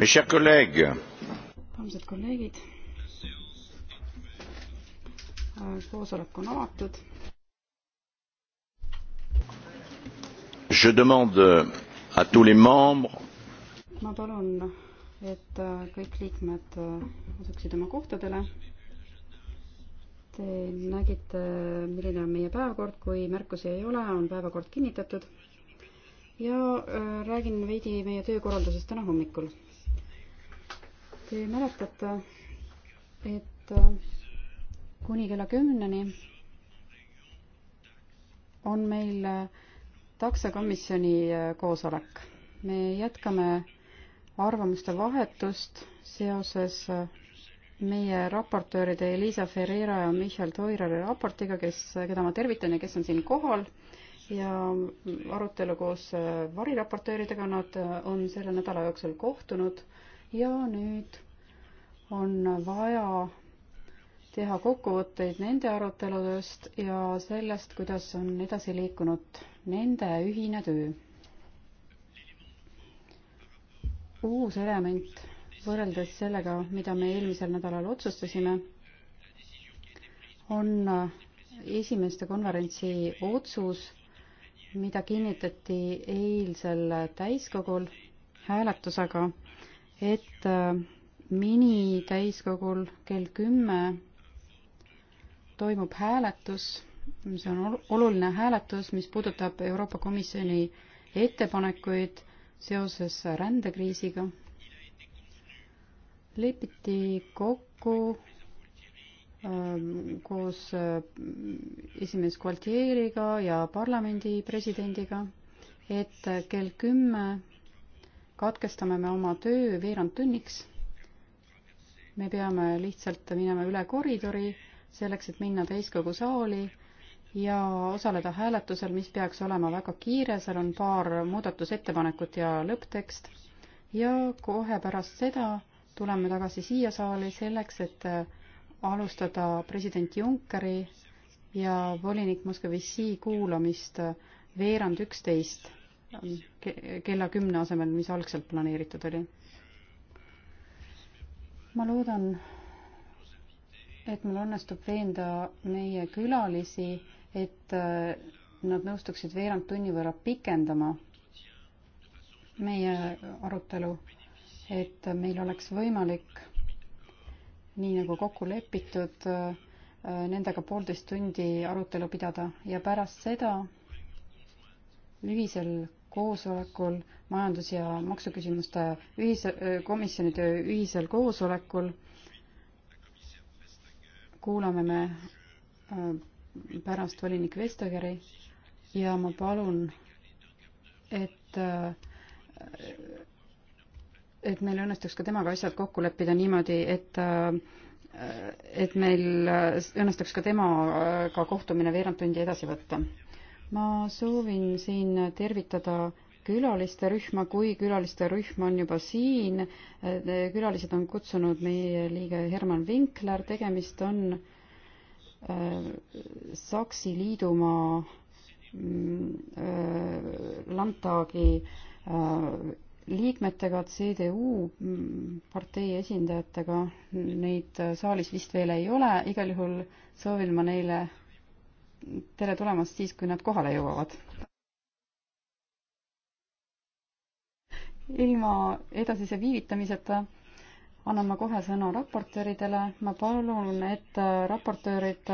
Mes chers collègues. armsad kolleegid. koosolek on avatud. Je demande à tous les membres. ma palun, et kõik liikmed asuksid oma kohtadele. Te nägite, milline on meie päevakord, kui märkusi ei ole, on päevakord kinnitatud. ja äh, räägin veidi meie töökorraldusest täna hommikul Te mäletate, et äh, kuni kella kümneni on meil äh, taksokomisjoni äh, koosolek. me jätkame arvamuste vahetust seoses meie raportööride Elisa Ferreira ja Michal Toirale raportiga, kes, keda ma tervitan ja kes on siin kohal ja arutelu koos variraportööridega, nad on selle nädala jooksul kohtunud ja nüüd on vaja teha kokkuvõtteid nende aruteludest ja sellest, kuidas on edasi liikunud nende ühine töö. uus element võrreldes sellega, mida me eelmisel nädalal otsustasime, on esimeste konverentsi otsus, mida kinnitati eilsel täiskogul hääletusega et äh, minitäiskogul kell kümme toimub hääletus, see on oluline hääletus, mis puudutab Euroopa Komisjoni ettepanekuid seoses rändekriisiga. lepiti kokku ähm, koos äh, esimees Gualtieriga ja parlamendi presidendiga, et äh, kell kümme 10 katkestame me oma töö veerand tunniks. me peame lihtsalt minema üle koridori selleks, et minna täiskogu saali ja osaleda hääletusel, mis peaks olema väga kiire, seal on paar muudatusettepanekut ja lõpptekst. ja kohe pärast seda tuleme tagasi siia saali selleks, et alustada president Junckeri ja volinik Moskva-Vissi kuulamist veerand üksteist kella kümne asemel, mis algselt planeeritud oli. ma loodan, et mul õnnestub veenda meie külalisi, et äh, nad nõustuksid veerand tunni võrra pikendama meie arutelu, et meil oleks võimalik, nii nagu kokku lepitud, äh, nendega poolteist tundi arutelu pidada ja pärast seda ühisel koosolekul, majandus- ja maksuküsimuste ühise, komisjonide ühisel koosolekul kuulame me äh, pärast volinik Vestageri ja ma palun, et, äh, et meil õnnestuks ka temaga asjad kokku leppida niimoodi, et äh, et meil õnnestuks ka temaga kohtumine veerand tundi edasi võtta ma soovin siin tervitada külaliste rühma, kui külaliste rühm on juba siin. Äh, külalised on kutsunud meie liige Herman Vinkler, tegemist on äh, Saksi liidumaa mm, äh, Landtagi liikmetega, CDU mm, partei esindajatega, neid saalis vist veel ei ole, igal juhul soovin ma neile tere tulemast siis, kui nad kohale jõuavad. ilma edasise viivitamiseta annan ma kohe sõna raportööridele. ma palun, et raportöörid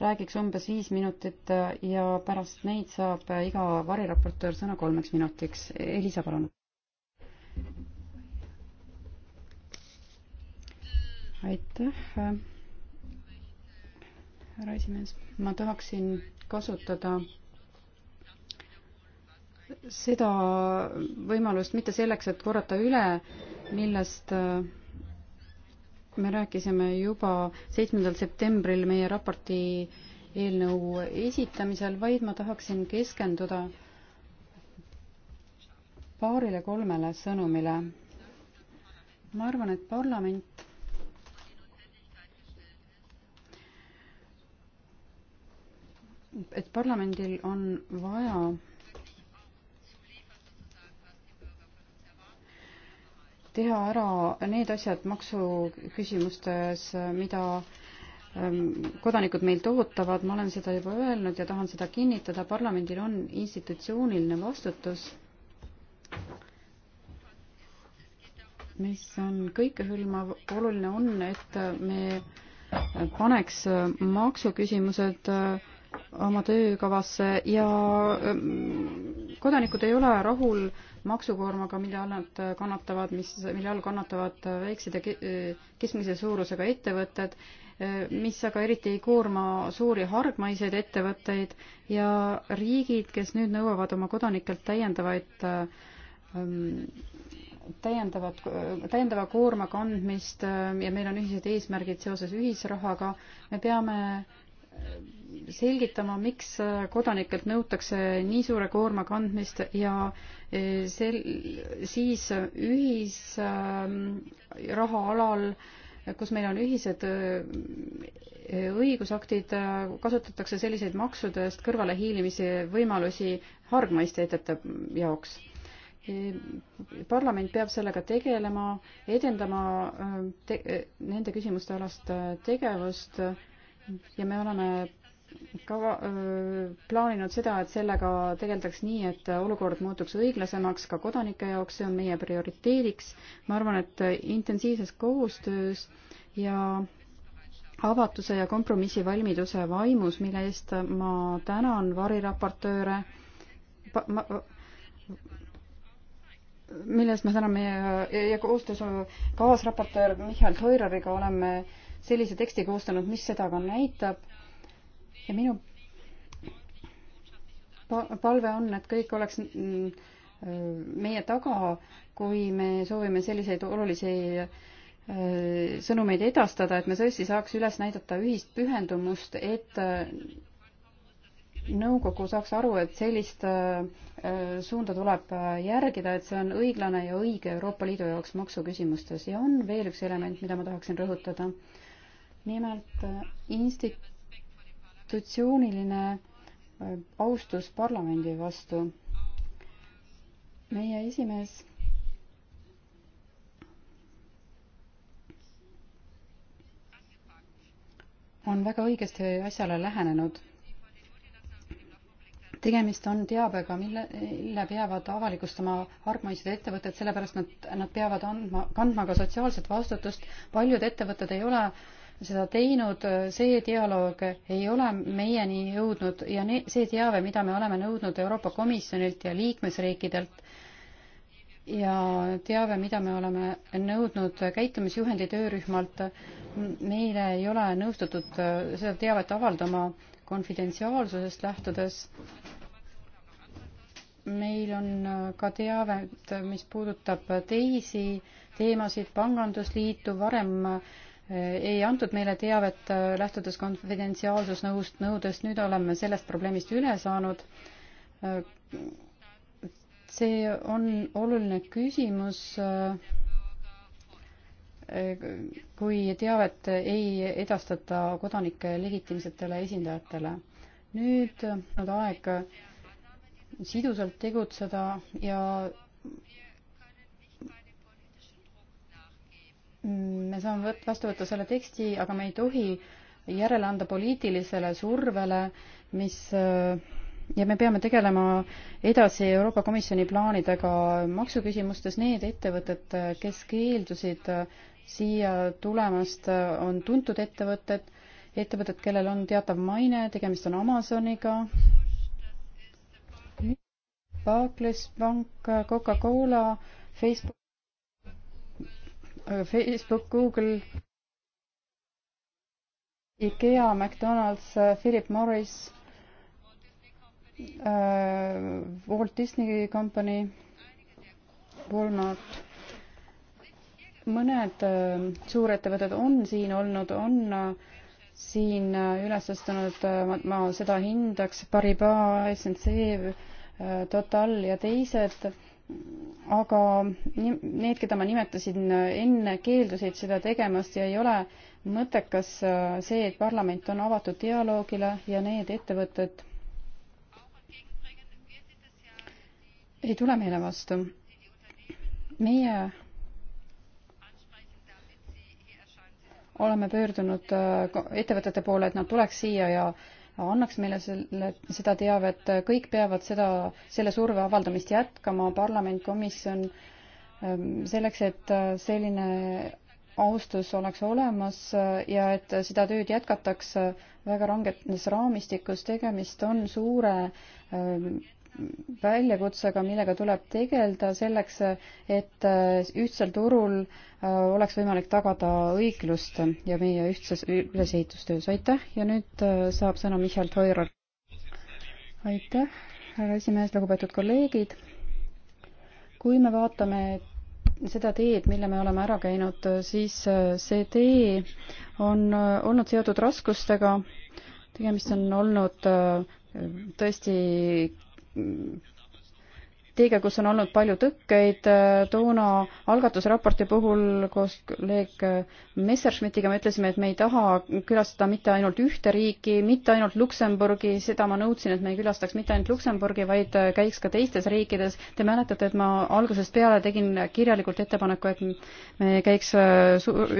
räägiks umbes viis minutit ja pärast neid saab iga variraportöör sõna kolmeks minutiks. Elisa, palun. aitäh härra esimees, ma tahaksin kasutada seda võimalust mitte selleks, et korrata üle, millest äh, me rääkisime juba seitsmendal septembril meie raporti eelnõu esitamisel, vaid ma tahaksin keskenduda paarile-kolmele sõnumile. ma arvan, et parlament et parlamendil on vaja teha ära need asjad maksuküsimustes, mida ähm, kodanikud meilt ootavad, ma olen seda juba öelnud ja tahan seda kinnitada, parlamendil on institutsiooniline vastutus, mis on kõikehõlmav, oluline on, et me paneks maksuküsimused äh, oma töökavasse ja ähm, kodanikud ei ole rahul maksukoormaga, mida nad kannatavad, mis, mille all kannatavad väiksed ja keskmise suurusega ettevõtted, äh, mis aga eriti ei koorma suuri hargmaiseid ettevõtteid ja riigid, kes nüüd nõuavad oma kodanikelt täiendavaid äh, ähm, täiendavat, täiendava koorma kandmist äh, ja meil on ühised eesmärgid seoses ühisrahaga, me peame selgitama, miks äh, kodanikelt nõutakse nii suure koorma kandmist ja äh, sel-, siis ühisraha ähm, alal, kus meil on ühised äh, õigusaktid, kasutatakse selliseid maksudest kõrvalehiilimise võimalusi hargmaiste ettevõtete jaoks parlament peab sellega tegelema, edendama te nende küsimuste alast tegevust ja me oleme kava, plaaninud seda, et sellega tegeldaks nii, et olukord muutuks õiglasemaks ka kodanike jaoks, see on meie prioriteediks. ma arvan, et intensiivses koostöös ja avatuse ja kompromissivalmiduse vaimus, mille eest ma tänan variraportööre, mille eest ma tänan meie ja koostöös kaasraportöör Mihhail Toirariga oleme sellise teksti koostanud, mis seda ka näitab ja minu palve on, et kõik oleks mm, meie taga, kui me soovime selliseid olulisi äh, sõnumeid edastada, et me tõesti saaks üles näidata ühist pühendumust, et äh, nõukogu saaks aru, et sellist äh, suunda tuleb järgida, et see on õiglane ja õige Euroopa Liidu jaoks maksuküsimustes ja on veel üks element, mida ma tahaksin rõhutada. nimelt instit-, institutsiooniline äh, austus parlamendi vastu. meie esimees on väga õigesti asjale lähenenud. tegemist on teabega, mille, mille peavad avalikustama hargmaised ettevõtted, sellepärast nad, nad peavad andma, kandma ka sotsiaalset vastutust. paljud ettevõtted ei ole äh, seda teinud, see dialoog ei ole meieni jõudnud ja ne, see teave, mida me oleme nõudnud Euroopa Komisjonilt ja liikmesriikidelt ja teave, mida me oleme nõudnud käitumisjuhendi töörühmalt, meile ei ole nõustutud äh, seda teavet avaldama konfidentsiaalsusest lähtudes meil on äh, ka teavet, mis puudutab teisi teemasid, pangandusliitu, varem äh, ei antud meile teavet äh, lähtudes konfidentsiaalsusnõust nõudest, nüüd oleme sellest probleemist üle saanud. Äh, see on oluline küsimus, äh, kui teavet ei edastata kodanike legitiimsetele esindajatele. nüüd on aeg sidusalt tegutseda ja Mm, me saame võt-, vastu võtta selle teksti, aga me ei tohi järele anda poliitilisele survele, mis äh, ja me peame tegelema edasi Euroopa Komisjoni plaanidega maksuküsimustes, need ettevõtted, kes keeldusid äh, siia tulemast, äh, on tuntud ettevõtted, ettevõtted, kellel on teatav maine, tegemist on Amazoniga, Barclays pank, Coca-Cola, Facebook Äh, Facebook, Google, IKEA, McDonalds, äh, Philip Morris, äh, Walt Disney Company, Walmart, mõned suurettevõtted on siin olnud, on siin üles astunud, ma seda hindaks, Paribas, SNC, Total ja teised aga need, keda ma nimetasin enne, keeldusid seda tegemast ja ei ole mõttekas äh, see, et parlament on avatud dialoogile ja need ettevõtted ei tule meile vastu. meie oleme pöördunud äh, ettevõtete poole, et nad tuleks siia ja äh, annaks meile selle, seda teavet, kõik peavad seda, selle surve avaldamist jätkama, parlament, komisjon, ähm, selleks, et äh, selline austus oleks olemas äh, ja et seda tööd jätkatakse väga rangetes raamistikus, tegemist on suure ähm, väljakutsega, millega tuleb tegeleda selleks, et äh, ühtsel turul äh, oleks võimalik tagada õiglust ja meie ühtses ülesehitustöös. aitäh ja nüüd äh, saab sõna Michal Toiral. aitäh, härra esimees, lugupeetud kolleegid. kui me vaatame seda teed, mille me oleme ära käinud, siis see tee on olnud seotud raskustega. tegemist on olnud tõesti teega, kus on olnud palju tõkkeid. toona algatusraporti puhul koos kolleeg Messerschmittiga me ütlesime, et me ei taha külastada mitte ainult ühte riiki, mitte ainult Luksemburgi, seda ma nõudsin, et me ei külastaks mitte ainult Luksemburgi, vaid käiks ka teistes riikides. Te mäletate, et ma algusest peale tegin kirjalikult ettepaneku, et me käiks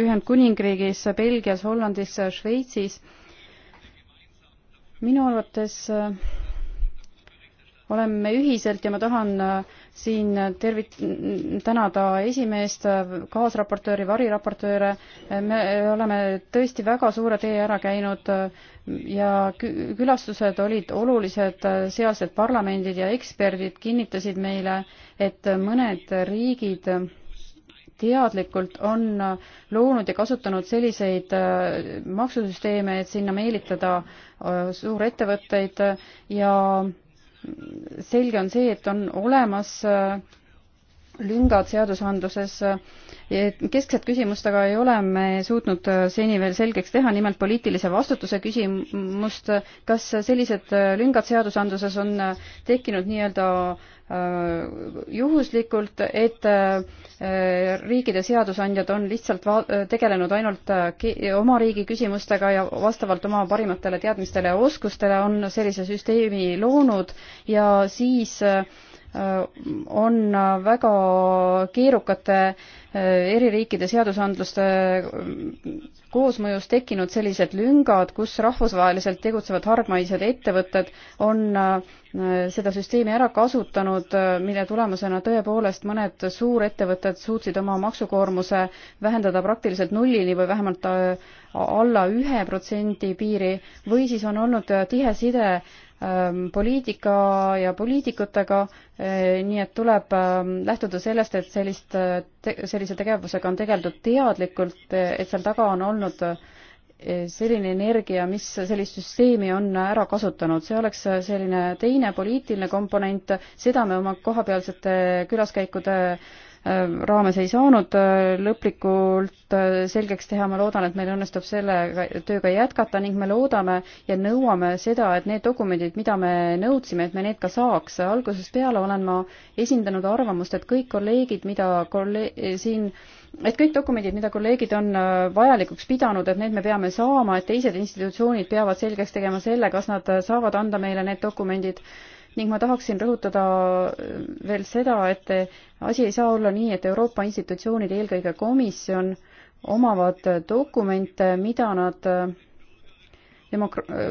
Ühendkuningriigis, Belgias, Hollandis, Šveitsis. minu arvates oleme ühiselt ja ma tahan äh, siin tervit-, tänada esimeest, äh, kaasraportööri, variraportööre, äh, me oleme tõesti väga suure tee ära käinud ja külastused olid olulised, sealsed parlamendid ja eksperdid kinnitasid meile, et mõned riigid teadlikult on loonud ja kasutanud selliseid maksusüsteeme, et sinna meelitada suurettevõtteid ja selge on see, et on olemas äh, lüngad seadusandluses. keskset küsimust aga ei ole me suutnud seni veel selgeks teha, nimelt poliitilise vastutuse küsimust. kas sellised lüngad seadusandluses on tekkinud nii-öelda äh, juhuslikult, et äh, riikide seadusandjad on lihtsalt tegelenud ainult äh, oma riigi küsimustega ja vastavalt oma parimatele teadmistele ja oskustele on sellise süsteemi loonud ja siis äh, on väga keerukate äh, eri riikide seadusandluste äh, koosmõjus tekkinud sellised lüngad, kus rahvusvaheliselt tegutsevad hargmaised ettevõtted on äh, seda süsteemi ära kasutanud, mille tulemusena tõepoolest mõned suurettevõtted suutsid oma maksukoormuse vähendada praktiliselt nullini või vähemalt alla ühe protsendi piiri või siis on olnud tihe side Ähm, poliitika ja poliitikutega, äh, nii et tuleb ähm, lähtuda sellest, et sellist, äh, sellise tegevusega on tegeldud teadlikult, äh, et seal taga on olnud selline energia, mis sellist süsteemi on ära kasutanud, see oleks selline teine poliitiline komponent, seda me oma kohapealsete külaskäikude äh, Äh, raames ei saanud äh, lõplikult äh, selgeks teha, ma loodan, et meil õnnestub selle tööga jätkata ning me loodame ja nõuame seda, et need dokumendid, mida me nõudsime, et me need ka saaks. algusest peale olen ma esindanud arvamust, et kõik kolleegid, mida kolle-, siin et kõik dokumendid, mida kolleegid on vajalikuks pidanud, et need me peame saama, et teised institutsioonid peavad selgeks tegema selle, kas nad saavad anda meile need dokumendid ning ma tahaksin rõhutada äh, veel seda, et asi ei saa olla nii, et Euroopa institutsioonid, eelkõige komisjon, omavad dokumente, mida nad äh, demokra-, äh,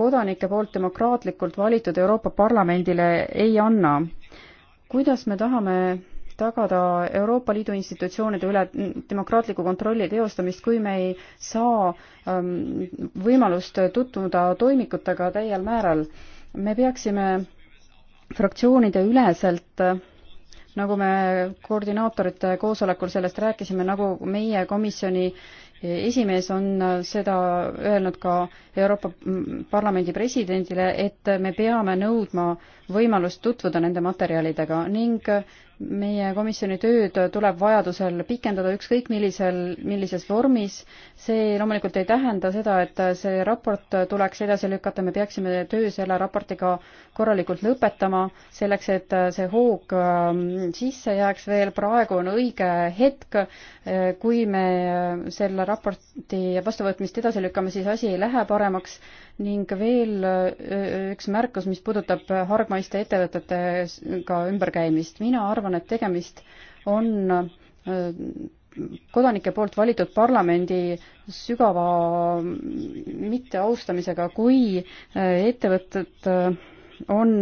kodanike poolt demokraatlikult valitud Euroopa Parlamendile ei anna. kuidas me tahame tagada Euroopa Liidu institutsioonide üle demokraatliku kontrolli teostamist, kui me ei saa ähm, võimalust tutvuda toimikutega täiel määral. me peaksime fraktsioonide üleselt, nagu me koordinaatorite koosolekul sellest rääkisime, nagu meie komisjoni esimees on seda öelnud ka Euroopa Parlamendi presidendile, et me peame nõudma võimalust tutvuda nende materjalidega ning meie komisjoni tööd tuleb vajadusel pikendada ükskõik millisel, millises vormis. see loomulikult ei tähenda seda, et see raport tuleks edasi lükata, me peaksime töö selle raportiga korralikult lõpetama, selleks et see hoog ähm, sisse jääks veel, praegu on õige hetk, äh, kui me selle raporti vastuvõtmist edasi lükkame, siis asi ei lähe paremaks ning veel äh, äh, üks märkus, mis puudutab äh, hargmaiste ettevõtetega ümberkäimist. mina arvan, et tegemist on kodanike poolt valitud parlamendi sügava mm, mitteaustamisega, kui ettevõtted on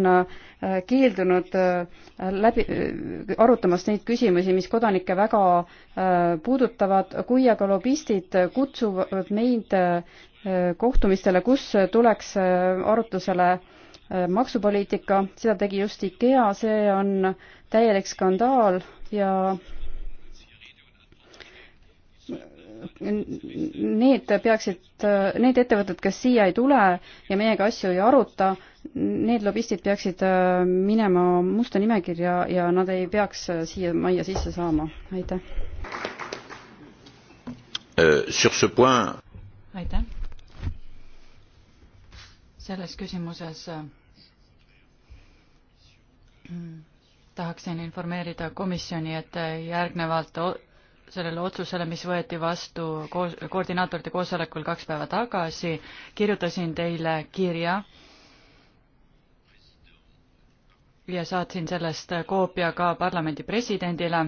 keeldunud läbi, arutamast neid küsimusi, mis kodanikke väga puudutavad, kui aga lobistid kutsuvad meid kohtumistele, kus tuleks äh, arutlusele äh, maksupoliitika, seda tegi just IKEA, see on täielik skandaal ja need peaksid, äh, need ettevõtted, kes siia ei tule ja meiega asju ei aruta, need lobistid peaksid minema musta nimekirja ja nad ei peaks siia majja sisse saama, aitäh. aitäh selles küsimuses äh, tahaksin informeerida komisjoni, et äh, järgnevalt sellele otsusele, mis võeti vastu koos, koordinaatorite koosolekul kaks päeva tagasi, kirjutasin teile kirja ja saatsin sellest äh, koopia ka parlamendi presidendile.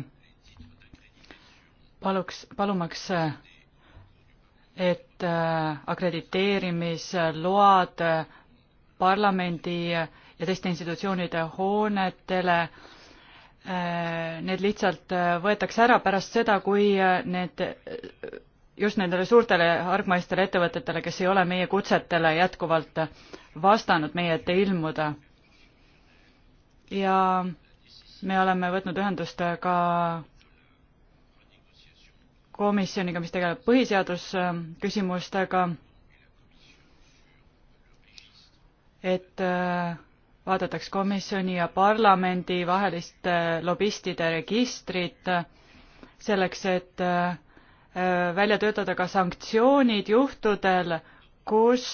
paluks, palumaks et äh, akrediteerimisload äh, parlamendi ja teiste institutsioonide hoonetele, äh, need lihtsalt võetakse ära pärast seda, kui need, just nendele suurtele hargmaistele ettevõtetele, kes ei ole meie kutsetele jätkuvalt vastanud meie ette ilmuda. ja me oleme võtnud ühendust ka komisjoniga, mis tegeleb põhiseadusküsimustega, et äh, vaadataks komisjoni ja parlamendi vahelist äh, lobistide registrit selleks, et äh, välja töötada ka sanktsioonid juhtudel, kus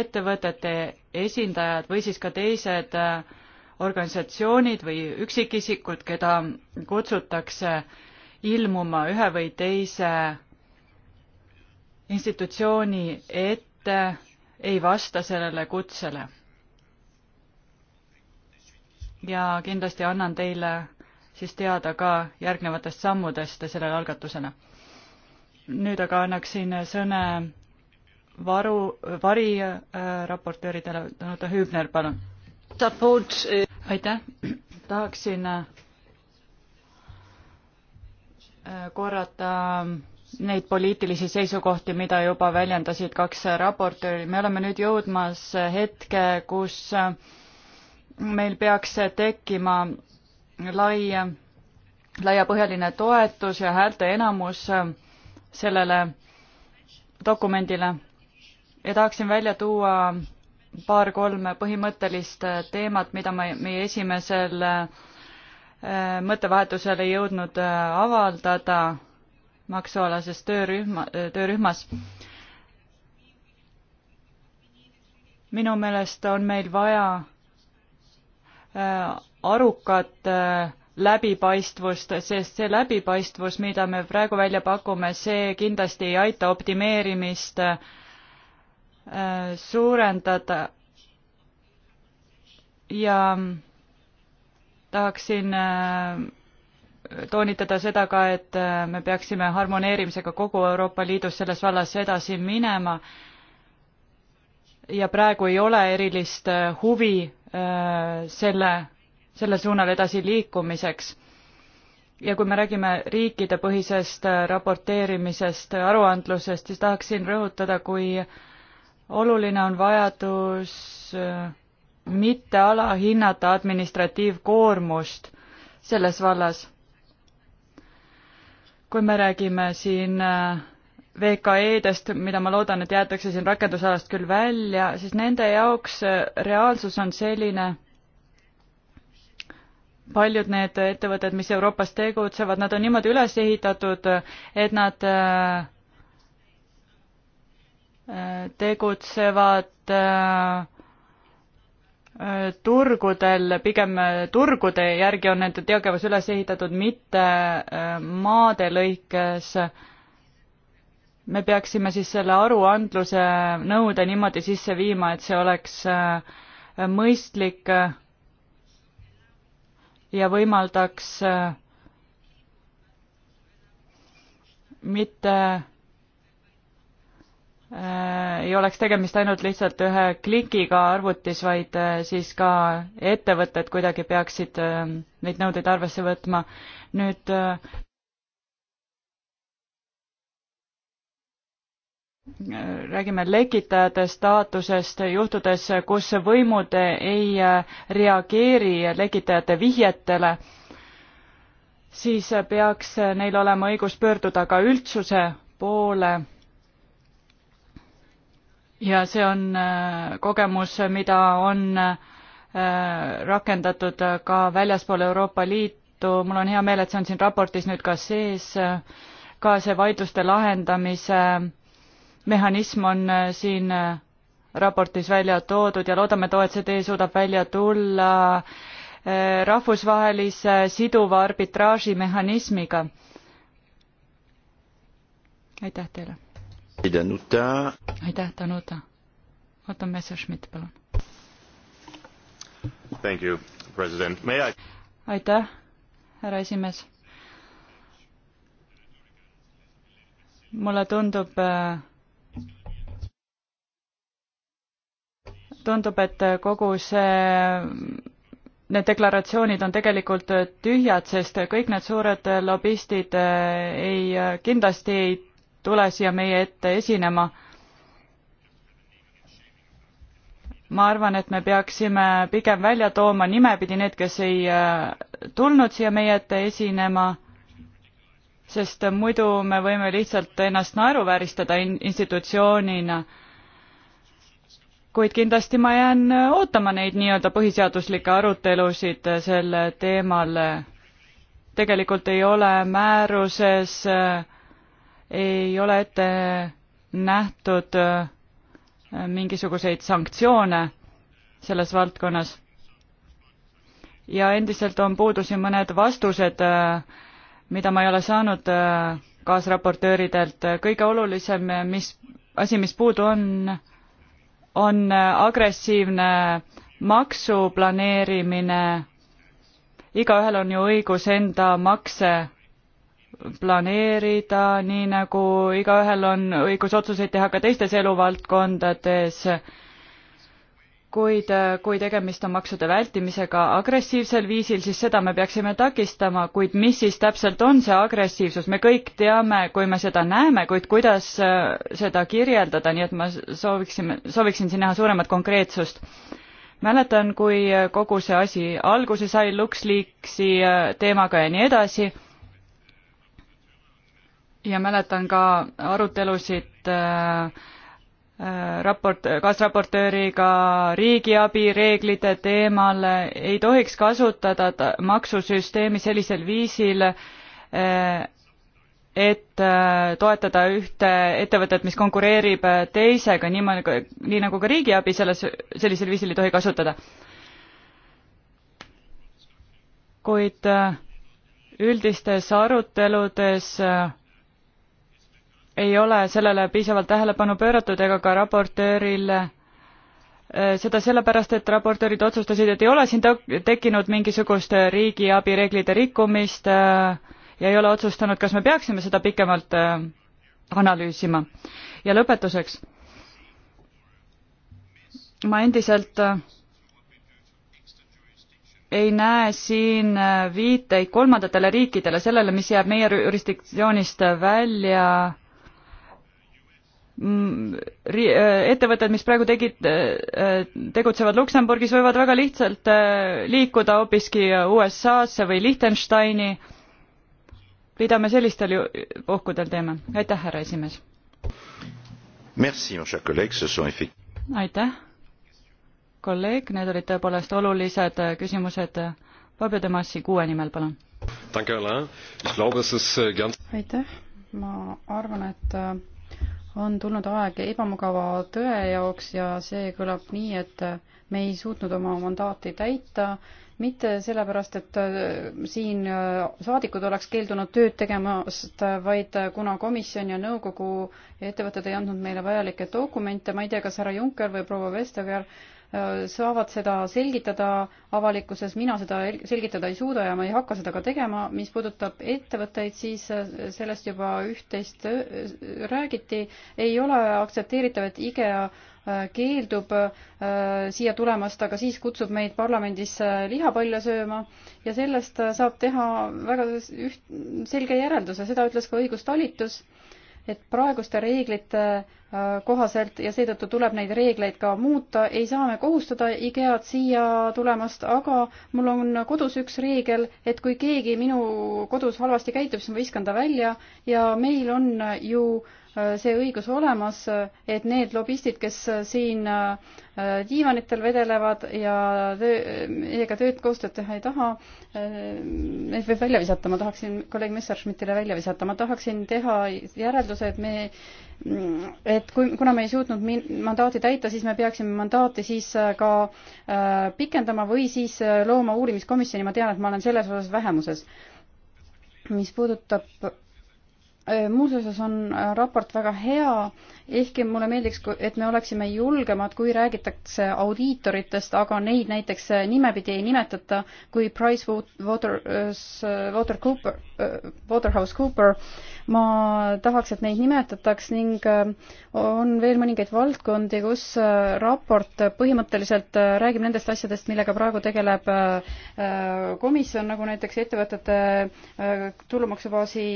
ettevõtete esindajad või siis ka teised organisatsioonid või üksikisikud, keda kutsutakse ilmuma ühe või teise institutsiooni ette, ei vasta sellele kutsele. ja kindlasti annan teile siis teada ka järgnevatest sammudest sellele algatusele. nüüd aga annaksin sõne varu, variraportööridele äh,, Danuta Hübner, palun. Äh aitäh, tahaksin äh, korrata neid poliitilisi seisukohti, mida juba väljendasid kaks raportööri. me oleme nüüd jõudmas hetke, kus meil peaks tekkima lai, laiapõhjaline toetus ja häälteenamus sellele dokumendile ja tahaksin välja tuua paar-kolm põhimõttelist teemat, mida me meie esimesel äh, Äh, mõttevahetusele jõudnud äh, avaldada maksualases töörühma, äh, töörühmas. minu meelest on meil vaja arukat läbipaistvust, sest see läbipaistvus, mida me praegu välja pakume, see kindlasti ei aita optimeerimist suurendada ja tahaksin äh, toonitada seda ka, et äh, me peaksime harmoneerimisega kogu Euroopa Liidus selles vallas edasi minema ja praegu ei ole erilist äh, huvi selle, sellel suunal edasi liikumiseks. ja kui me räägime riikidepõhisest raporteerimisest, aruandlusest, siis tahaksin rõhutada, kui oluline on vajadus mitte alahinnata administratiivkoormust selles vallas. kui me räägime siin äh, VKE-dest, mida ma loodan, et jäetakse siin rakendusalast küll välja, siis nende jaoks äh, reaalsus on selline, paljud need ettevõtted, mis Euroopas tegutsevad, nad on niimoodi üles ehitatud, et nad äh, tegutsevad äh, turgudel, pigem turgude järgi on nende tegevus üles ehitatud, mitte äh, maade lõikes. me peaksime siis selle aruandluse nõude niimoodi sisse viima, et see oleks äh, mõistlik äh, ja võimaldaks mitte Äh, ei oleks tegemist ainult lihtsalt ühe klikiga arvutis, vaid äh, siis ka ettevõtted kuidagi peaksid äh, neid nõudeid arvesse võtma. nüüd räägime lekitajate staatusest juhtudes, kus võimud ei reageeri lekitajate vihjetele, siis peaks neil olema õigus pöörduda ka üldsuse poole ja see on äh, kogemus, mida on äh, rakendatud äh, ka väljaspool Euroopa Liitu, mul on hea meel, et see on siin raportis nüüd ka sees, ka see vaidluste lahendamise mehhanism on siin raportis välja toodud ja loodame, et OECD suudab välja tulla rahvusvahelise siduva arbitraaži mehhanismiga. aitäh teile! aitäh, Danuta. Otto Messerschmidt, palun. Thank you, president. May I? aitäh, härra esimees. mulle tundub, äh, tundub, et kogu see, need deklaratsioonid on tegelikult tühjad, sest kõik need suured lobistid äh, ei, kindlasti ei tule siia meie ette esinema. ma arvan, et me peaksime pigem välja tooma nimepidi need, kes ei äh, tulnud siia meie ette esinema, sest muidu me võime lihtsalt ennast naeruvääristada institutsioonina kuid kindlasti ma jään äh, ootama neid nii-öelda põhiseaduslikke arutelusid äh, sel teemal. tegelikult ei ole määruses äh, ei ole ette nähtud äh, mingisuguseid sanktsioone selles valdkonnas. ja endiselt on puudus ju mõned vastused, äh, mida ma ei ole saanud äh, kaasraportööridelt. kõige olulisem, mis, asi, mis puudu on, on agressiivne maksu planeerimine. igaühel on ju õigus enda makse planeerida, nii nagu igaühel on õigus otsuseid teha ka teistes eluvaldkondades, kuid äh, kui tegemist on maksude vältimisega agressiivsel viisil, siis seda me peaksime takistama, kuid mis siis täpselt on see agressiivsus, me kõik teame, kui me seda näeme, kuid kuidas äh, seda kirjeldada, nii et ma sooviksin, sooviksin siin näha suuremat konkreetsust mäletan, kui kogu see asi alguse sai LuxLeaksi äh, teemaga ja nii edasi ja mäletan ka arutelusid äh, äh, raport, kaasraportööriga riigiabi reeglite teemal ei tohiks kasutada maksusüsteemi sellisel viisil, äh, et äh, toetada ühte ettevõtet, mis konkureerib teisega, nii, nii nagu ka riigiabi selles, sellisel viisil ei tohi kasutada. kuid üldistes aruteludes ei ole sellele piisavalt tähelepanu pööratud ega ka raportööril äh, seda sellepärast, et raportöörid otsustasid, et ei ole siin tekkinud mingisugust riigiabi reeglite rikkumist äh, ja ei ole otsustanud, kas me peaksime seda pikemalt äh, analüüsima. ja lõpetuseks. ma endiselt ei näe siin viiteid kolmandatele riikidele, sellele, mis jääb meie jurisdiktsioonist välja Mm, äh, ettevõtted, mis praegu tegid, äh, tegutsevad Luksemburgis, võivad väga lihtsalt äh, liikuda hoopiski USA-sse või Liechtensteini. mida me sellistel puhkudel teeme? aitäh, härra esimees. aitäh, kolleeg, need olid tõepoolest olulised küsimused. Fabio De Massi kuue nimel, palun. aitäh, ma arvan, et on tulnud aeg ebamugava tõe jaoks ja see kõlab nii, et me ei suutnud oma mandaati täita, mitte sellepärast, et äh, siin äh, saadikud oleks keeldunud tööd tegemast, vaid äh, kuna komisjon ja nõukogu ettevõtted ei andnud meile vajalikke dokumente, ma ei tea, kas härra Juncker või proua Vestager saavad seda selgitada avalikkuses, mina seda selgitada ei suuda ja ma ei hakka seda ka tegema, mis puudutab ettevõtteid, siis äh, sellest juba üht-teist äh, räägiti, ei ole aktsepteeritav, et IKEA äh, keeldub siia tulemast, aga siis kutsub meid parlamendis lihapalle sööma ja sellest saab teha väga üht-, selge järelduse, seda ütles ka õigustalitus et praeguste reeglite äh, kohaselt ja seetõttu tuleb neid reegleid ka muuta, ei saa me kohustada IKEA-d siia tulemast, aga mul on kodus üks reegel, et kui keegi minu kodus halvasti käitub, siis ma viskan ta välja ja meil on ju äh, Äh, see õigus olemas, et need lobistid, kes äh, siin äh, diivanitel vedelevad ja töö, meiega tööd koostööd teha ei taha, neid võib välja visata, ma tahaksin kolleeg Messerschmittile välja visata, ma tahaksin teha järelduse, et me, mm, et kui, kuna me ei suutnud min-, mandaati täita, siis me peaksime mandaati siis ka äh, pikendama või siis looma uurimiskomisjoni, ma tean, et ma olen selles osas vähemuses. mis puudutab Äh, muus osas on äh, raport väga hea, ehkki mulle meeldiks, et me oleksime julgemad, kui räägitakse audiitoritest, aga neid näiteks äh, nimepidi ei nimetata, kui Price Water, Water Cooper, Waterhouse Cooper. ma tahaks, et neid nimetataks ning on veel mõningaid valdkondi, kus raport põhimõtteliselt räägib nendest asjadest, millega praegu tegeleb komisjon, nagu näiteks ettevõtete tulumaksubaasi,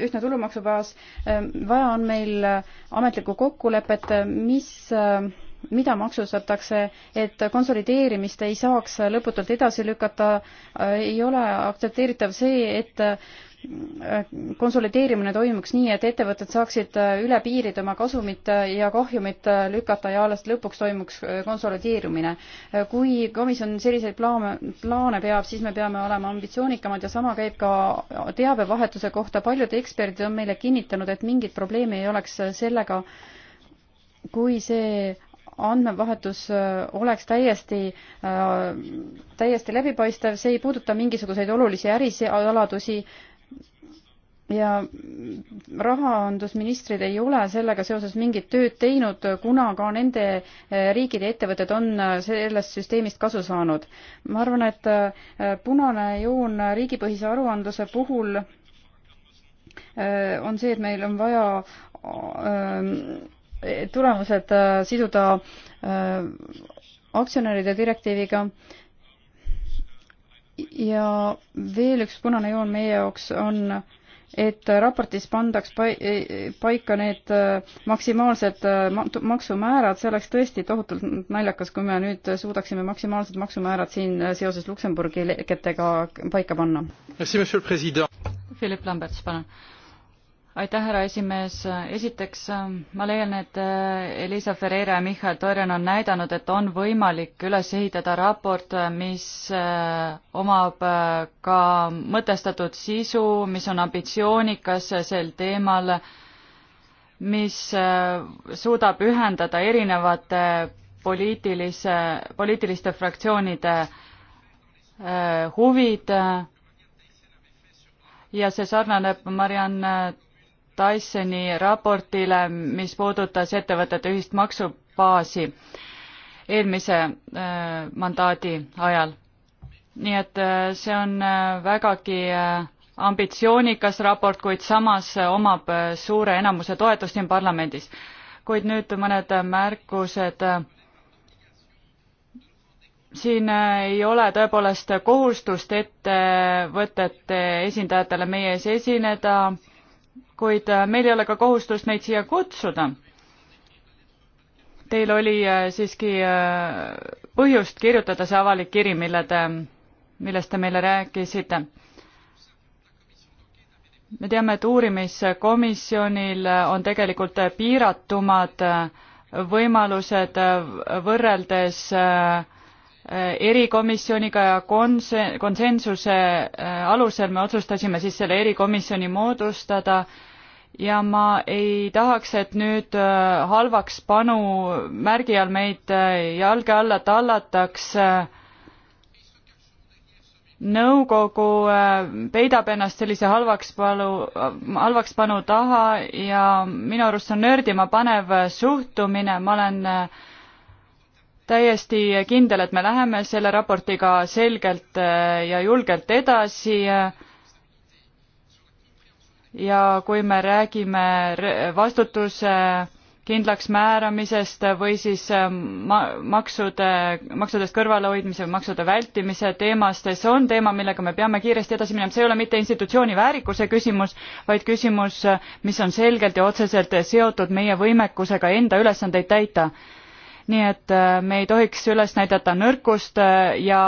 ühtne tulumaksubaas, tulumaksubaas, ehm, vaja on meil äh, ametlikku kokkulepet, äh, mis äh, mida maksustatakse, et konsolideerimist ei saaks lõputult edasi lükata, ei ole aktsepteeritav see, et konsolideerimine toimuks nii, et ettevõtted saaksid äh, üle piiride oma kasumit äh, ja kahjumit äh, lükata ja alles lõpuks toimuks konsolideerumine. kui komisjon selliseid plaane, plaane peab, siis me peame olema ambitsioonikamad ja sama käib ka teabevahetuse kohta. paljud eksperdid on meile kinnitanud, et mingit probleemi ei oleks sellega, kui see andmevahetus oleks täiesti äh,, täiesti läbipaistev, see ei puuduta mingisuguseid olulisi ärisaladusi äh,, ja rahandusministrid ei ole sellega seoses mingit tööd teinud, kuna ka nende eh, riikide ettevõtted on eh, sellest süsteemist kasu saanud. ma arvan, et eh, punane joon riigipõhise aruandluse puhul on see, et meil on vaja tulemused siduda aktsionäride direktiiviga ja veel üks punane joon meie jaoks on et raportis pandaks paika need äh, maksimaalsed äh, maksumäärad, see oleks tõesti tohutult naljakas, kui me nüüd suudaksime maksimaalsed maksumäärad siin äh, seoses Luksemburgi leketega paika panna. Philip Lamberts, palun aitäh, härra esimees. esiteks ma leian, et äh, Elisa Ferreira ja Michal Torjan on näidanud, et on võimalik üles ehitada raport, mis äh, omab äh, ka mõtestatud sisu, mis on ambitsioonikas sel teemal, mis suudab ühendada erinevate poliitilise, poliitiliste fraktsioonide huvid ja see sarnaneb Marianne Tysoni raportile, mis puudutas ettevõtete ühist maksubaasi eelmise äh, mandaadi ajal. nii et äh, see on äh, vägagi ambitsioonikas raport, kuid samas omab suure enamuse toetust siin parlamendis. kuid nüüd mõned märkused siin ei ole tõepoolest kohustust ettevõtete esindajatele meie ees esineda kuid äh, meil ei ole ka kohustust neid siia kutsuda. Teil oli äh, siiski äh, põhjust kirjutada see avalik kiri, mille te, millest te meile rääkisite. me teame, et uurimiskomisjonil on tegelikult piiratumad võimalused võrreldes äh, erikomisjoniga ja konse-, konsensuse äh, alusel me otsustasime siis selle erikomisjoni moodustada ja ma ei tahaks, et nüüd äh, halvaks panu märgi all meid äh, jalge alla tallatakse. nõukogu peidab ennast sellise halvaks palu, halvaks panu taha ja minu arust see on nördima panev suhtumine, ma olen äh, täiesti kindel, et me läheme selle raportiga selgelt äh, ja julgelt edasi. ja kui me räägime vastutuse kindlaksmääramisest või siis äh, ma-, maksude, maksudest kõrvalehoidmise või maksude vältimise teemast, see on teema, millega me peame kiiresti edasi minema, see ei ole mitte institutsiooni väärikuse küsimus, vaid küsimus, mis on selgelt ja otseselt seotud meie võimekusega enda ülesandeid täita nii et äh, me ei tohiks üles näidata nõrkust äh, ja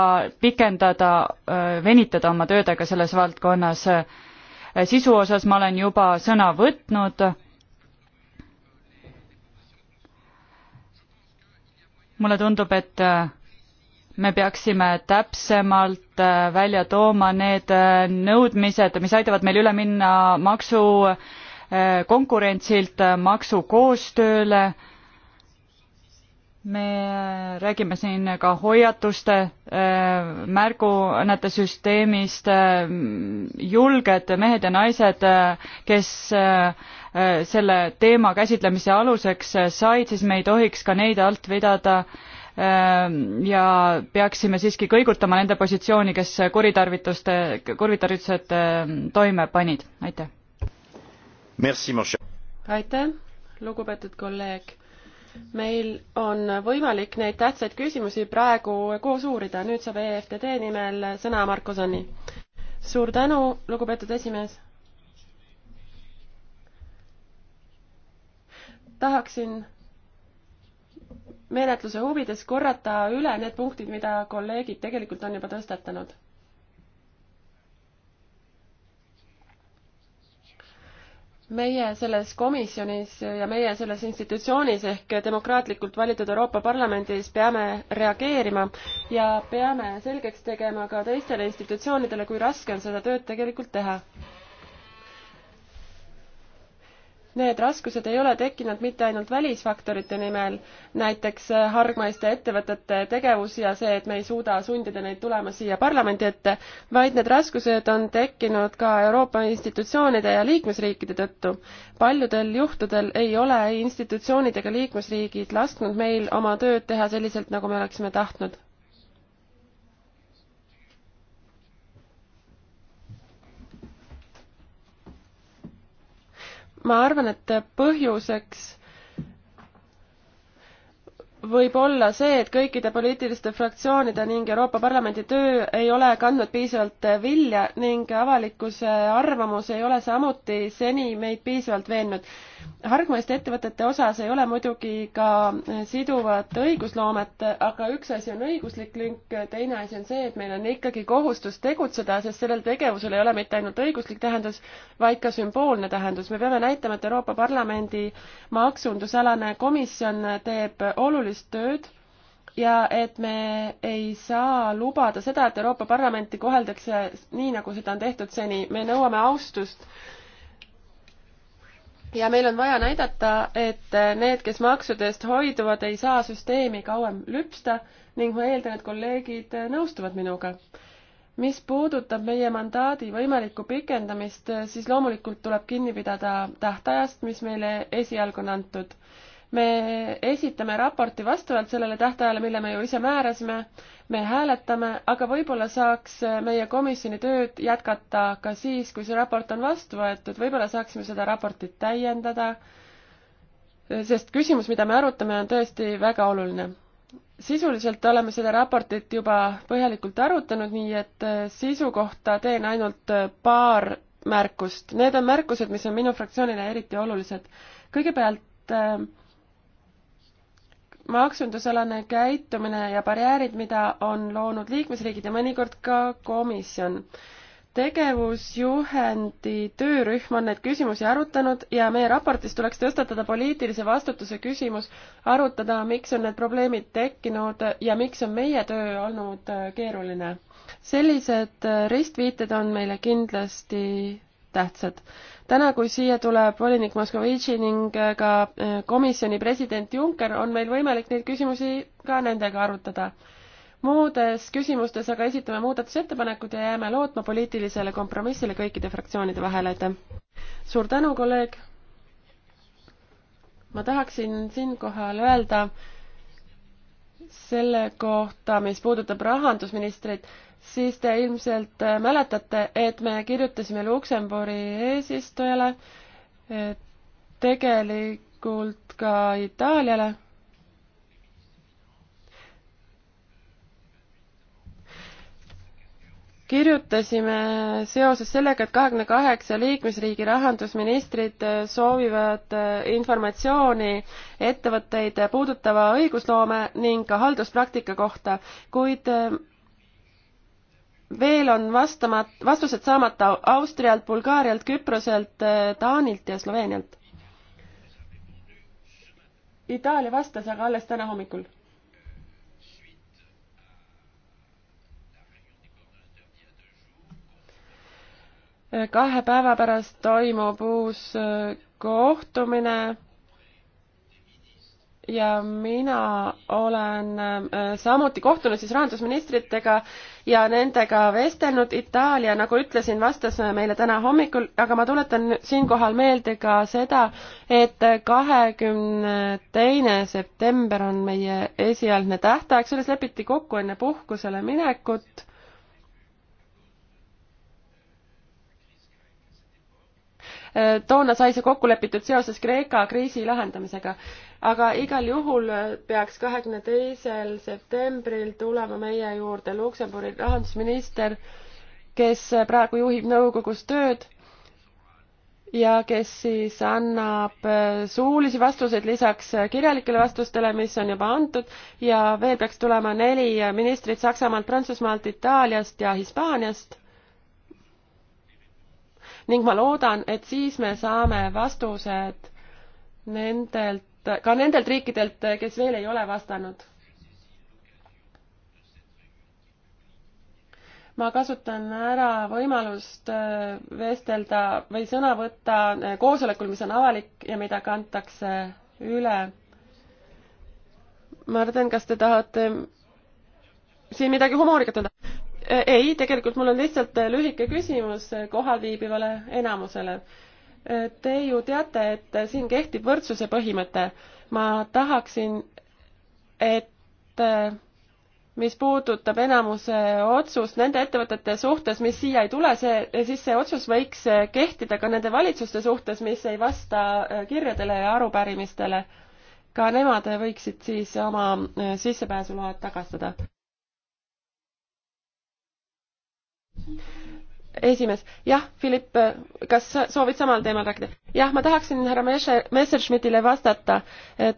pikendada, äh, venitada oma töödega selles valdkonnas. sisu osas ma olen juba sõna võtnud. mulle tundub, et me peaksime täpsemalt välja tooma need nõudmised, mis aitavad meil üle minna maksukonkurentsilt maksukoostööle me räägime siin ka hoiatuste äh, märgunäte süsteemist, äh, julged mehed ja naised, äh, kes selle teema käsitlemise aluseks said, siis me ei tohiks ka neid alt vedada ja peaksime siiski kõigutama nende positsiooni, kes kuritarvituste, kuritarvitused toime panid, aitäh. aitäh, lugupeetud kolleeg meil on võimalik neid tähtsaid küsimusi praegu koos uurida. nüüd saab EFTD nimel sõna Marko Sanni. suur tänu, lugupeetud esimees. tahaksin menetluse huvides korrata üle need punktid, mida kolleegid tegelikult on juba tõstatanud meie selles komisjonis ja meie selles institutsioonis ehk demokraatlikult valitud Euroopa Parlamendis peame reageerima ja peame selgeks tegema ka teistele institutsioonidele, kui raske on seda tööd tegelikult teha Need raskused ei ole tekkinud mitte ainult välisfaktorite nimel, näiteks äh, hargmaiste ettevõtete tegevus ja see, et me ei suuda sundida neid tulema siia parlamendi ette, vaid need raskused on tekkinud ka Euroopa institutsioonide ja liikmesriikide tõttu. paljudel juhtudel ei ole ei institutsioonid ega liikmesriigid lasknud meil oma tööd teha selliselt, nagu me oleksime tahtnud ma arvan, et põhjuseks võib olla see, et kõikide poliitiliste fraktsioonide ning Euroopa Parlamendi töö ei ole kandnud piisavalt vilja ning avalikkuse arvamus ei ole samuti seni meid piisavalt veennud. hargmaiste ettevõtete osas ei ole muidugi ka siduvat õigusloomet, aga üks asi on õiguslik lünk, teine asi on see, et meil on ikkagi kohustus tegutseda, sest sellel tegevusel ei ole mitte ainult õiguslik tähendus, vaid ka sümboolne tähendus. me peame näitama, et Euroopa Parlamendi maksundusalane komisjon teeb olulist sisulist tööd ja et me ei saa lubada seda, et Euroopa Parlamenti koheldakse nii, nagu seda on tehtud seni. me nõuame austust. ja meil on vaja näidata, et need, kes maksudest hoiduvad, ei saa süsteemi kauem lüpsta ning ma eeldan, et kolleegid nõustuvad minuga mis puudutab meie mandaadi võimalikku pikendamist, siis loomulikult tuleb kinni pidada tähtajast, mis meile esialgu on antud me esitame raporti vastavalt sellele tähtajale, mille me ju ise määrasime, me hääletame, aga võib-olla saaks meie komisjoni tööd jätkata ka siis, kui see raport on vastu võetud, võib-olla saaksime seda raportit täiendada, sest küsimus, mida me arutame, on tõesti väga oluline. sisuliselt oleme seda raportit juba põhjalikult arutanud, nii et sisu kohta teen ainult paar märkust. Need on märkused, mis on minu fraktsioonile eriti olulised. kõigepealt äh, maksundusalane käitumine ja barjäärid, mida on loonud liikmesriigid ja mõnikord ka komisjon. tegevusjuhendi töörühm on neid küsimusi arutanud ja meie raportis tuleks tõstatada poliitilise vastutuse küsimus, arutada, miks on need probleemid tekkinud ja miks on meie töö olnud keeruline. sellised ristviited on meile kindlasti tähtsad. täna, kui siia tuleb volinik Moskovitši ning äh, ka äh, komisjoni president Juncker, on meil võimalik neid küsimusi ka nendega arutada. muudes küsimustes aga esitame muudatusettepanekud ja jääme lootma poliitilisele kompromissile kõikide fraktsioonide vahel, aitäh! suur tänu, kolleeg! ma tahaksin siinkohal öelda, selle kohta, mis puudutab rahandusministrit, siis te ilmselt äh, mäletate, et me kirjutasime Luksemburi eesistujale, äh, tegelikult ka Itaaliale kirjutasime seoses sellega, et kahekümne kaheksa liikmesriigi rahandusministrid soovivad äh, informatsiooni ettevõtteid puudutava õigusloome ning ka halduspraktika kohta, kuid äh, veel on vastamat-, vastused saamata Austrialt, Bulgaarialt, Küproselt, äh, Taanilt ja Sloveenialt. Itaalia vastas aga alles täna hommikul kahe päeva pärast toimub uus äh, kohtumine ja mina olen äh, samuti kohtunud siis rahandusministritega ja nendega vestelnud. Itaalia, nagu ütlesin, vastas meile täna hommikul, aga ma tuletan siinkohal meelde ka seda, et kahekümne teine september on meie esialgne tähtaeg, selles lepiti kokku enne puhkusele minekut toona sai see kokku lepitud seoses Kreeka kriisi lahendamisega. aga igal juhul peaks kahekümne teisel septembril tulema meie juurde Luksemburgi rahandusminister, kes praegu juhib nõukogus tööd ja kes siis annab suulisi vastuseid lisaks kirjalikele vastustele, mis on juba antud ja veel peaks tulema neli ministrit Saksamaalt, Prantsusmaalt, Itaaliast ja Hispaaniast ning ma loodan, et siis me saame vastused nendelt, ka nendelt riikidelt, kes veel ei ole vastanud. ma kasutan ära võimalust äh, vestelda või sõna võtta äh, koosolekul, mis on avalik ja mida kantakse üle. Marden, kas te tahate siin midagi humoorikat öelda? Eh, ei, tegelikult mul on lihtsalt eh, lühike küsimus eh, kohal viibivale enamusele. Te ju teate, et siin kehtib võrdsuse põhimõte. ma tahaksin, et mis puudutab enamuse otsust nende ettevõtete suhtes, mis siia ei tule, see, siis see otsus võiks kehtida ka nende valitsuste suhtes, mis ei vasta kirjadele ja arupärimistele. ka nemad võiksid siis oma sissepääsuluad tagastada. esimees, jah, Philipp, kas soovid samal teemal rääkida? jah, ma tahaksin härra Messerschmidtile vastata.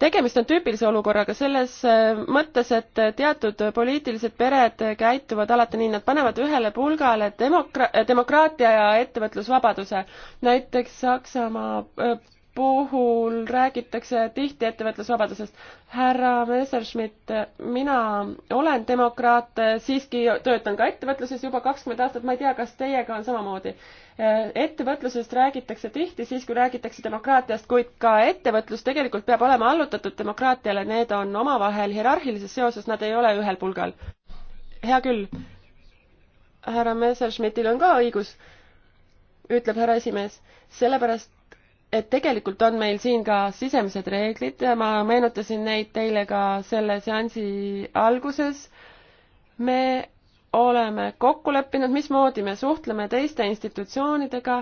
tegemist on tüüpilise olukorraga selles äh, mõttes, et teatud poliitilised pered käituvad alati nii, nad panevad ühele pulgale demokra-, demokraatia ja ettevõtlusvabaduse. näiteks Saksamaa äh, puhul räägitakse tihti ettevõtlusvabadusest. härra Messerschmidt, mina olen demokraat, siiski töötan ka ettevõtluses juba kakskümmend aastat, ma ei tea, kas teiega on samamoodi. ettevõtlusest räägitakse tihti siis, kui räägitakse demokraatiast, kuid ka ettevõtlus tegelikult peab olema allutatud demokraatiale, need on omavahel hierarhilises seoses, nad ei ole ühel pulgal. hea küll, härra Messerschmidtil on ka õigus, ütleb härra esimees, sellepärast et tegelikult on meil siin ka sisemised reeglid, ma meenutasin neid teile ka selle seansi alguses. me oleme kokku leppinud, mismoodi me suhtleme teiste institutsioonidega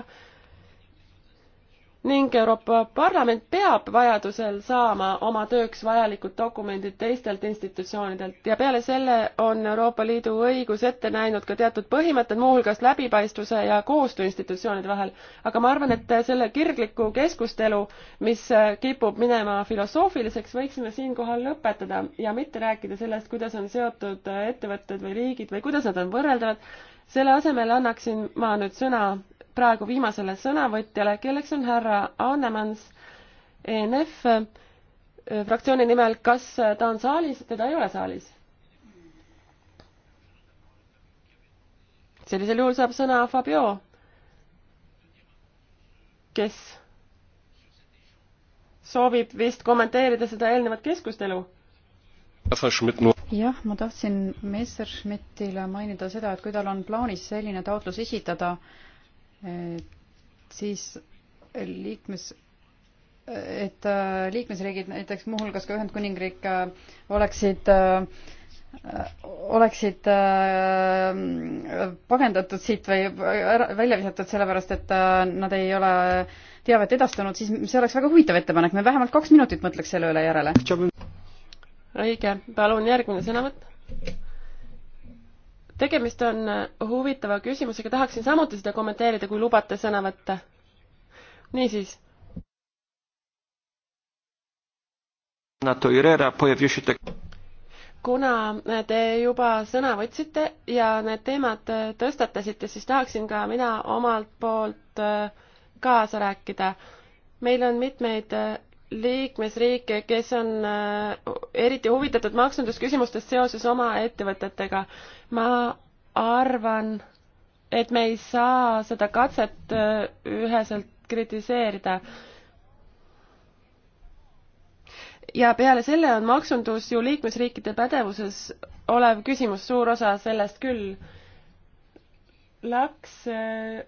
ning Euroopa Parlament peab vajadusel saama oma tööks vajalikud dokumendid teistelt institutsioonidelt ja peale selle on Euroopa Liidu õigus ette näinud ka teatud põhimõtted, muuhulgas läbipaistvuse ja koostöö institutsioonide vahel. aga ma arvan, et selle kirgliku keskustelu, mis kipub minema filosoofiliseks, võiksime siinkohal lõpetada ja mitte rääkida sellest, kuidas on seotud ettevõtted või riigid või kuidas nad on võrreldavad. selle asemel annaksin ma nüüd sõna praegu viimasele sõnavõtjale, kelleks on härra Annemans ENF äh, fraktsiooni nimel. kas äh, ta on saalis? teda ei ole saalis. sellisel juhul saab sõna Fabio, kes soovib vist kommenteerida seda eelnevat keskustelu jah, ma tahtsin Messerschmittile mainida seda, et kui tal on plaanis selline taotlus esitada, siis liikmes, et äh, liikmesriigid, näiteks muuhulgas ka Ühendkuningriik, äh, oleksid äh, oleksid pagendatud siit või välja visatud sellepärast, et nad ei ole teavet edastanud, siis see oleks väga huvitav ettepanek, me vähemalt kaks minutit mõtleks selle üle järele. õige, palun järgmine sõnavõtt tegemist on äh, huvitava küsimusega, tahaksin samuti seda kommenteerida, kui lubate sõna võtta. niisiis. kuna äh, te juba sõna võtsite ja need teemad äh, tõstatasite, siis tahaksin ka mina omalt poolt kaasa rääkida. meil on mitmeid liikmesriike, kes on äh, eriti huvitatud maksundusküsimustest seoses oma ettevõtetega. ma arvan, et me ei saa seda katset äh, üheselt kritiseerida. ja peale selle on maksundus ju liikmesriikide pädevuses olev küsimus, suur osa sellest küll läks äh,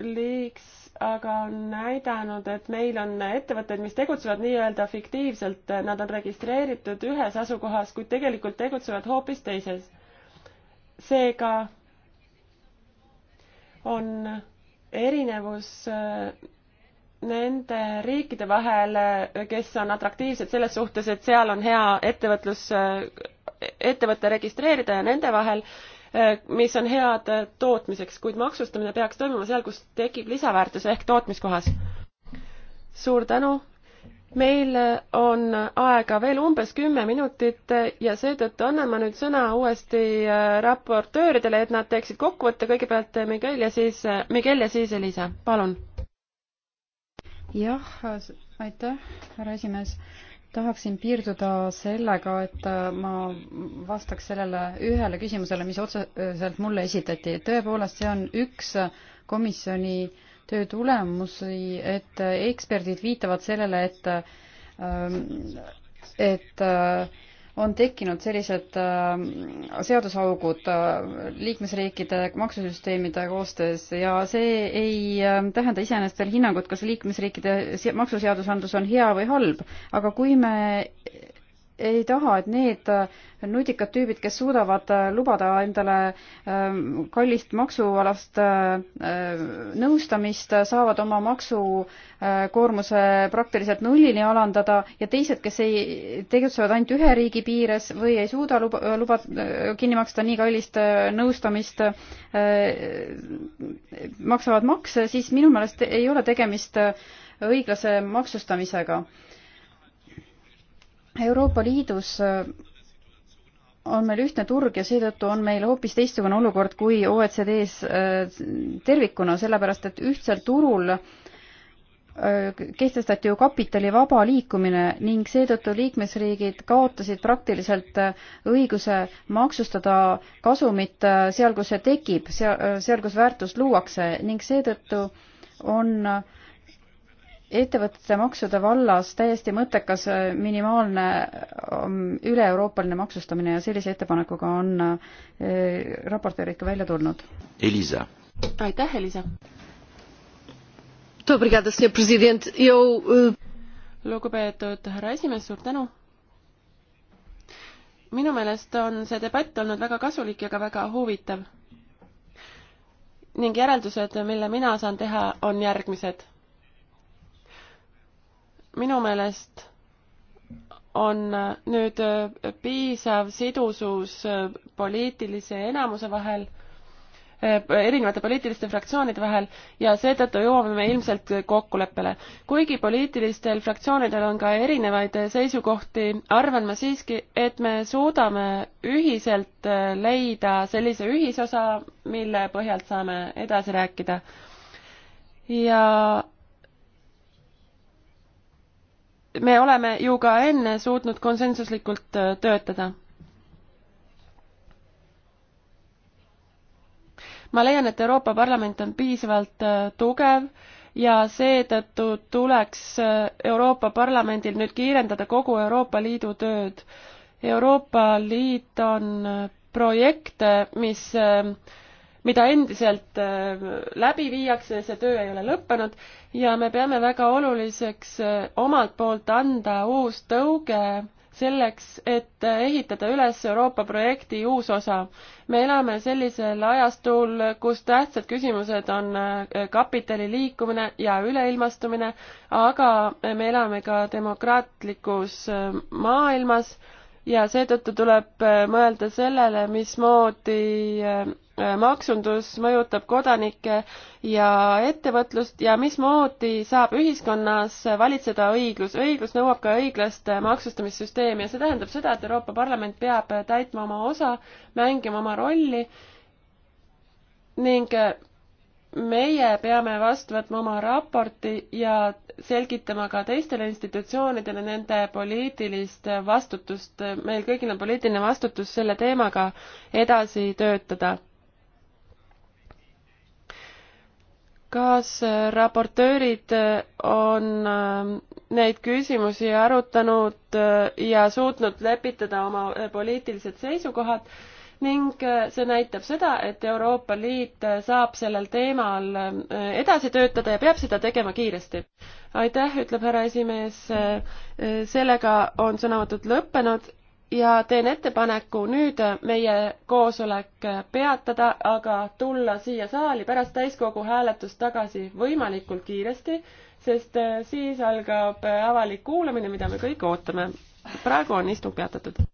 liiks aga on näidanud, et meil on ettevõtted, mis tegutsevad nii-öelda fiktiivselt, nad on registreeritud ühes asukohas, kuid tegelikult tegutsevad hoopis teises. seega on erinevus äh, nende riikide vahel, äh, kes on atraktiivsed selles suhtes, et seal on hea ettevõtlus, äh, ettevõte registreerida ja nende vahel, Äh, mis on head äh, tootmiseks, kuid maksustamine peaks toimuma seal, kus tekib lisaväärtus ehk tootmiskohas. suur tänu. meil äh, on aega veel umbes kümme minutit ja seetõttu annan ma nüüd sõna uuesti raportööridele, et nad teeksid kokkuvõtte, kõigepealt Miguel ja siis, Miguel ja siis Elisa, palun. jah, aitäh, härra esimees tahaksin piirduda sellega, et äh, ma vastaks sellele ühele küsimusele, mis otseselt mulle esitati. tõepoolest, see on üks komisjoni töö tulemusi, et eksperdid viitavad sellele, et ähm, et äh, on tekkinud sellised äh, seadusaugud äh, liikmesriikide maksusüsteemide koostöös ja see ei äh, tähenda iseenesest veel hinnangut, kas liikmesriikide maksuseadusandlus on hea või halb, aga kui me ei taha, et need äh, nutikad tüübid, kes suudavad äh, lubada endale ähm, kallist maksualast äh, nõustamist, saavad oma maksukoormuse praktiliselt nullini alandada ja teised, kes ei, tegutsevad ainult ühe riigi piires või ei suuda luba, luba kinni maksta nii kallist nõustamist, maksavad makse, siis minu meelest ei ole tegemist õiglase maksustamisega Euroopa Liidus äh, on meil ühtne turg ja seetõttu on meil hoopis teistsugune olukord kui OECD-s äh, tervikuna, sellepärast et ühtsel turul äh, kehtestati ju kapitali vaba liikumine ning seetõttu liikmesriigid kaotasid praktiliselt õiguse maksustada kasumit seal, kus see tekib, seal, kus väärtust luuakse ning seetõttu on äh, ettevõtete maksude vallas täiesti mõttekas äh, minimaalne ähm, üle-euroopaline maksustamine ja sellise ettepanekuga on äh, raportöörid ka välja tulnud. Elisa. aitäh, Elisa. Eh, lugupeetud härra esimees, suur tänu. minu meelest on see debatt olnud väga kasulik ja ka väga huvitav. ning järeldused, mille mina saan teha, on järgmised minu meelest on nüüd piisav sidusus poliitilise enamuse vahel, erinevate poliitiliste fraktsioonide vahel ja seetõttu jõuame me ilmselt kokkuleppele. kuigi poliitilistel fraktsioonidel on ka erinevaid seisukohti, arvan ma siiski, et me suudame ühiselt leida sellise ühisosa, mille põhjalt saame edasi rääkida. ja me oleme ju ka enne suutnud konsensuslikult äh, töötada. ma leian, et Euroopa Parlament on piisavalt äh, tugev ja seetõttu tuleks äh, Euroopa Parlamendil nüüd kiirendada kogu Euroopa Liidu tööd. Euroopa Liit on projekte, mis äh, mida endiselt äh, läbi viiakse, see töö ei ole lõppenud ja me peame väga oluliseks äh, omalt poolt anda uus tõuge selleks, et äh, ehitada üles Euroopa projekti uus osa. me elame sellisel ajastul, kus tähtsad küsimused on kapitali liikumine ja üleilmastumine, aga me elame ka demokraatlikus maailmas ja seetõttu tuleb äh, mõelda sellele, mismoodi äh, äh, maksundus mõjutab kodanikke ja ettevõtlust ja mismoodi saab ühiskonnas valitseda õiglus. õiglus nõuab ka õiglast maksustamissüsteemi ja see tähendab seda, et Euroopa Parlament peab täitma oma osa, mängima oma rolli ning meie peame vastu võtma oma raporti ja selgitama ka teistele institutsioonidele nende poliitilist vastutust, meil kõigil on poliitiline vastutus selle teemaga edasi töötada. kas raportöörid on ähm, neid küsimusi arutanud äh, ja suutnud lepitada oma äh, poliitilised seisukohad? ning äh, see näitab seda, et Euroopa Liit äh, saab sellel teemal äh, edasi töötada ja peab seda tegema kiiresti. aitäh, ütleb härra esimees. sellega on sõnavõtud lõppenud ja teen ettepaneku nüüd meie koosolek peatada, aga tulla siia saali pärast täiskogu hääletust tagasi võimalikult kiiresti, sest siis algab avalik kuulamine, mida me kõik ootame. praegu on istung peatatud.